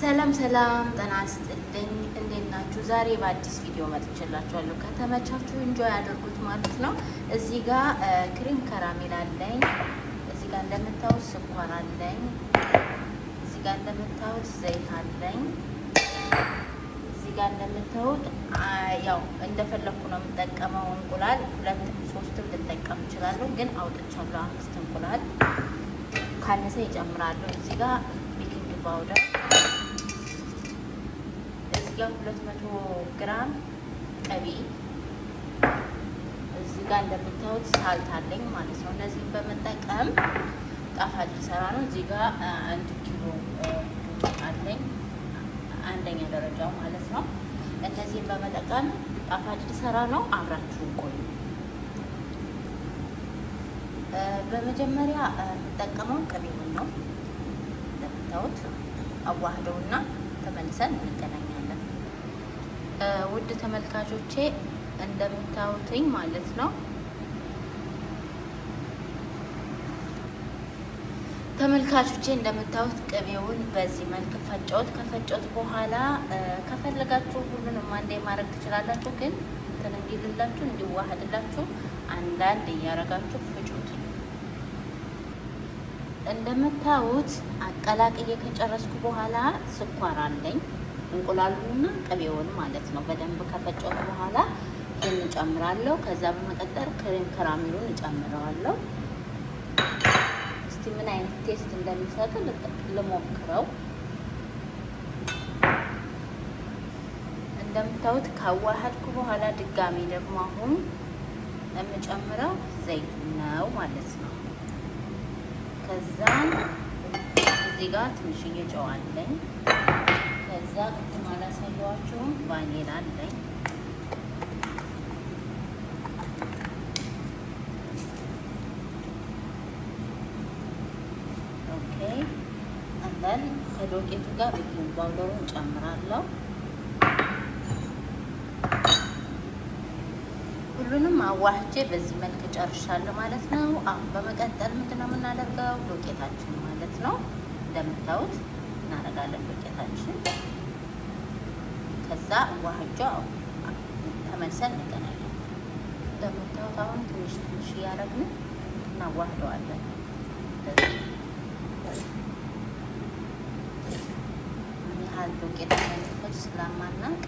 ሰላም ሰላም፣ ጤና ይስጥልኝ። እንዴት ናችሁ? ዛሬ በአዲስ ቪዲዮ መጥቼላችኋለሁ። ከተመቻችሁ እንጆይ ያደርጉት ማለት ነው። እዚህ ጋር ክሪም ከራሜል አለኝ። እዚህ ጋር እንደምታዩት ስኳር አለኝ። እዚህ ጋር እንደምታዩት ዘይት አለኝ። እዚህ ጋር እንደምታዩት ያው እንደፈለኩ ነው የምጠቀመው። እንቁላል ሁለትም ሶስትም ልጠቀም እችላለሁ፣ ግን አውጥቻለሁ አምስት እንቁላል ካነሰ ይጨምራለሁ። እዚህ ጋር ቤኪንግ ፓውደር ሁለት መቶ ግራም ቅቤ እዚህ ጋር እንደምታዩት ሳልት አለኝ ማለት ነው። እነዚህም በመጠቀም ጣፋጭ ሰራ ነው። እዚህ ጋር አንድ ኪሎ አለኝ አንደኛ ደረጃው ማለት ነው። እነዚህም በመጠቀም ጣፋጭ ሰራ ነው። አብራችሁ ቆዩ። በመጀመሪያ የምጠቀመው ቅቤውን ነው። እንደምታዩት አዋህደውና ተመልሰን እንገናኛለን። ውድ ተመልካቾቼ እንደምታዩትኝ ማለት ነው። ተመልካቾቼ እንደምታዩት ቅቤውን በዚህ መልክ ፈጨሁት። ከፈጨሁት በኋላ ከፈለጋችሁ ሁሉንም አንዴ ማድረግ ትችላላችሁ። ግን እንትን እንዲልላችሁ እንዲዋህድላችሁ አንዳንድ እያረጋችሁ ፍጩት። እንደምታዩት አቀላቅዬ ከጨረስኩ በኋላ ስኳር አለኝ። እንቁላሉና ቅቤውን ማለት ነው። በደንብ ከፈጨሁት በኋላ እንጨምራለሁ። ከዛ በመቀጠል ክሬም ከራሚሉን እጨምረዋለሁ። እስቲ ምን አይነት ቴስት እንደሚሰጥ ልሞክረው። እንደምታዩት ካዋሃድኩ በኋላ ድጋሚ ደግሞ አሁን የምጨምረው ዘይቱ ነው ማለት ነው። ከዛ እዚህ ጋር ትንሽዬ ጨዋለኝ። ከዛ ቅድም አላሳየኋቸውም ቫኒላ አለኝ። ከዶቄቱ ጋር ቤኪንግ ፓውደሩን ጨምራለሁ። ሁሉንም አዋህጄ በዚህ መልክ ጨርሻለሁ ማለት ነው። አሁን በመቀጠል ምንድን ነው የምናደርገው? ዶቄታችን ማለት ነው እንደምታዩት እናደርጋለን ዱቄታችን። ከዛ ዋህጇ ተመልሰን እንገናለን። እንደምታዩት አሁን ትንሽ ትንሽ እያደረግን እናዋህደዋለን። ምን ያህል ዱቄት ስለማናቅ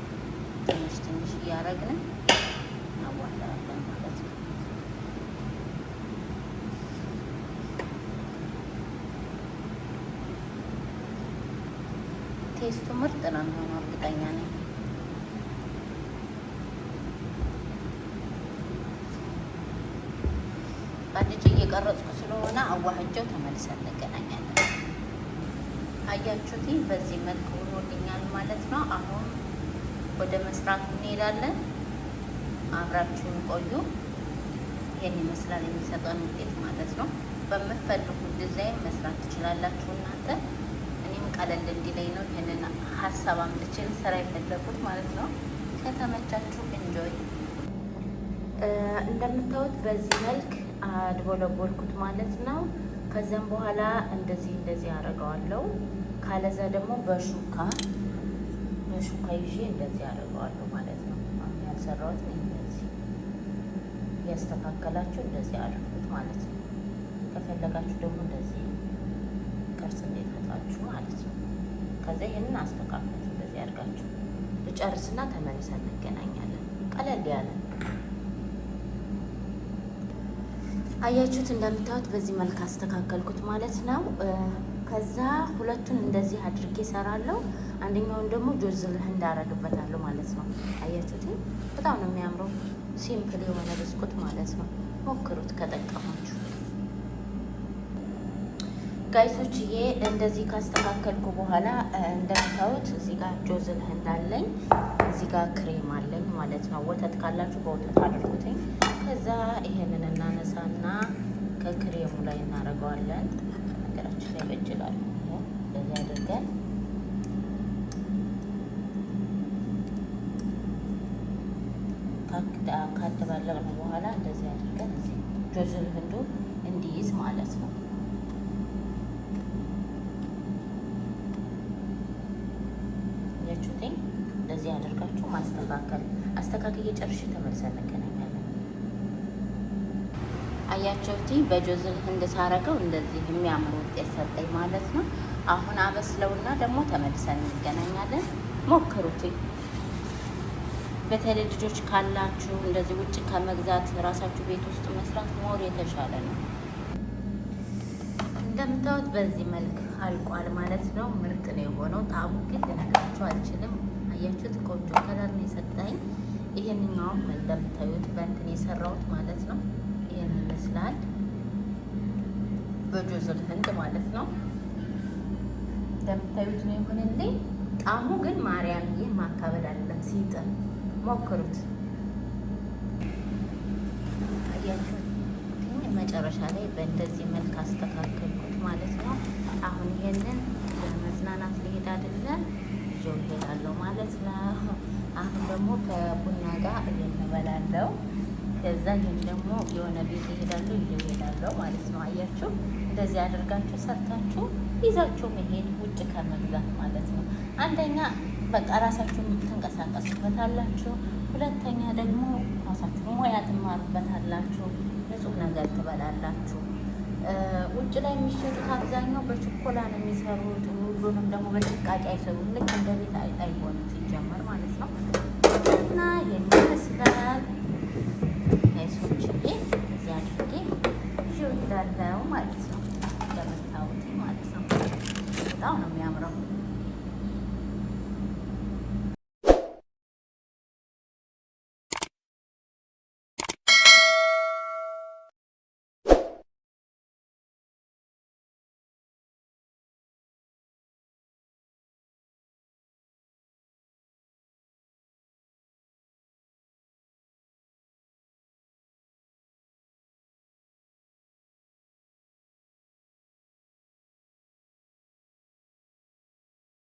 ትንሽ ትንሽ እያደረግን ቴስቱ ምርጥ ነው የሚሆነው፣ እርግጠኛ ነኝ። ባንድጄ እየቀረጽኩ ስለሆነ አዋህጀው ተመልሰን እንገናኛለን። አያችሁት? በዚህ መልክ ሆኖልኛል ማለት ነው። አሁን ወደ መስራት እንሄዳለን። አብራችሁን ቆዩ። ይህን ይመስላል የሚሰጠን ውጤት ማለት ነው። በምትፈልጉት ዲዛይን መስራት ትችላላችሁ እናንተ ቀለል እንዲለኝ ነው ይህንን ሀሳብ አምጥቼን ስራ የፈለኩት ማለት ነው። ከተመቻችሁ እንጆይ። እንደምታዩት በዚህ መልክ አድቦለቦልኩት ማለት ነው። ከዚያም በኋላ እንደዚህ እንደዚህ አደርገዋለሁ። ካለዛ ደግሞ በሹካ በሹካ ይዤ እንደዚህ አደርገዋለሁ ማለት ነው። ያልሰራሁት እንደዚህ ያስተካከላችሁ እንደዚህ አድርጉት ማለት ነው። ከፈለጋችሁ ደግሞ እንደዚህ ከዛ ይሄንን አስተካክሉት እንደዚህ አድርጋችሁ ልጨርስና ተመልሰን እንገናኛለን። ቀለል ያለ አያችሁት፣ እንደምታዩት በዚህ መልክ አስተካከልኩት ማለት ነው። ከዛ ሁለቱን እንደዚህ አድርጌ እሰራለሁ። አንደኛውን ደግሞ ጆዝል እንዳረግበታለሁ ማለት ነው። አያችሁት፣ በጣም ነው የሚያምረው። ሲምፕል የሆነ ብስኩት ማለት ነው። ሞክሩት ከጠቀማችሁ ጋይሶችዬ እንደዚህ ካስተካከልኩ በኋላ እንደምታዩት እዚህ ጋር ጆዝን እንዳለኝ እዚህ ጋር ክሬም አለኝ ማለት ነው። ወተት ካላችሁ በወተት አድርጉትኝ። ከዛ ይሄንን እናነሳና ከክሬሙ ላይ እናደርገዋለን። ነገራችን ላይ በጅላል በዚህ አድርገን ካደባለቅነው በኋላ እንደዚህ አድርገን ጆዝን ህንዱ እንዲይዝ ማለት ነው። አድርጋችሁ ማስተካከል አስተካክዬ ጨርሼ ተመልሰን እንገናኛለን። አያቸውቲ በጆዝል ህንድ ሳረገው እንደዚህ የሚያምር ውጤት ሰጠኝ ማለት ነው። አሁን አበስለውና ደግሞ ተመልሰን እንገናኛለን። ሞክሩት። በተለይ ልጆች ካላችሁ እንደዚህ ውጭ ከመግዛት ራሳችሁ ቤት ውስጥ መስራት ሞር የተሻለ ነው። እንደምታዩት በዚህ መልክ አልቋል ማለት ነው። ምርጥ ነው የሆነው። ጣዕሙ ግን ልነግራችሁ አልችልም። አያችሁት? ቆንጆ ከለር ነው የሰጠኝ። ይሄንኛውም እንደምታዩት በእንትን የሰራሁት ማለት ነው። ይሄን ይመስላል በጆዝል ህንድ ማለት ነው። እንደምታዩት ነው የሆነልኝ። ጣሙ ግን ማርያም ይህ ማካበድ አይደለም፣ ሲጥር ሞክሩት። አያችሁት? መጨረሻ ላይ በእንደዚህ መልክ አስተካከልኩት ማለት ነው። አሁን ይሄንን ደግሞ ከቡና ጋር እንበላለው። ከዛ ይህም ደግሞ የሆነ ቤት ይሄዳሉ ይዘው ይሄዳለው ማለት ነው። አያችሁ፣ እንደዚህ አድርጋችሁ ሰርታችሁ ይዛችሁ መሄድ ውጭ ከመግዛት ማለት ነው። አንደኛ በቃ ራሳችሁ የምትንቀሳቀሱበት አላችሁ። ሁለተኛ ደግሞ ራሳችሁ ሙያ ትማሩበት አላችሁ። ንጹህ ነገር ትበላላችሁ። ውጭ ላይ የሚሸጡት አብዛኛው በችኮላ ነው የሚሰሩት። ሁሉንም ደግሞ በጭቃቂ አይሰሩም። ልክ እንደ ቤት አይሆንም ሲጀመር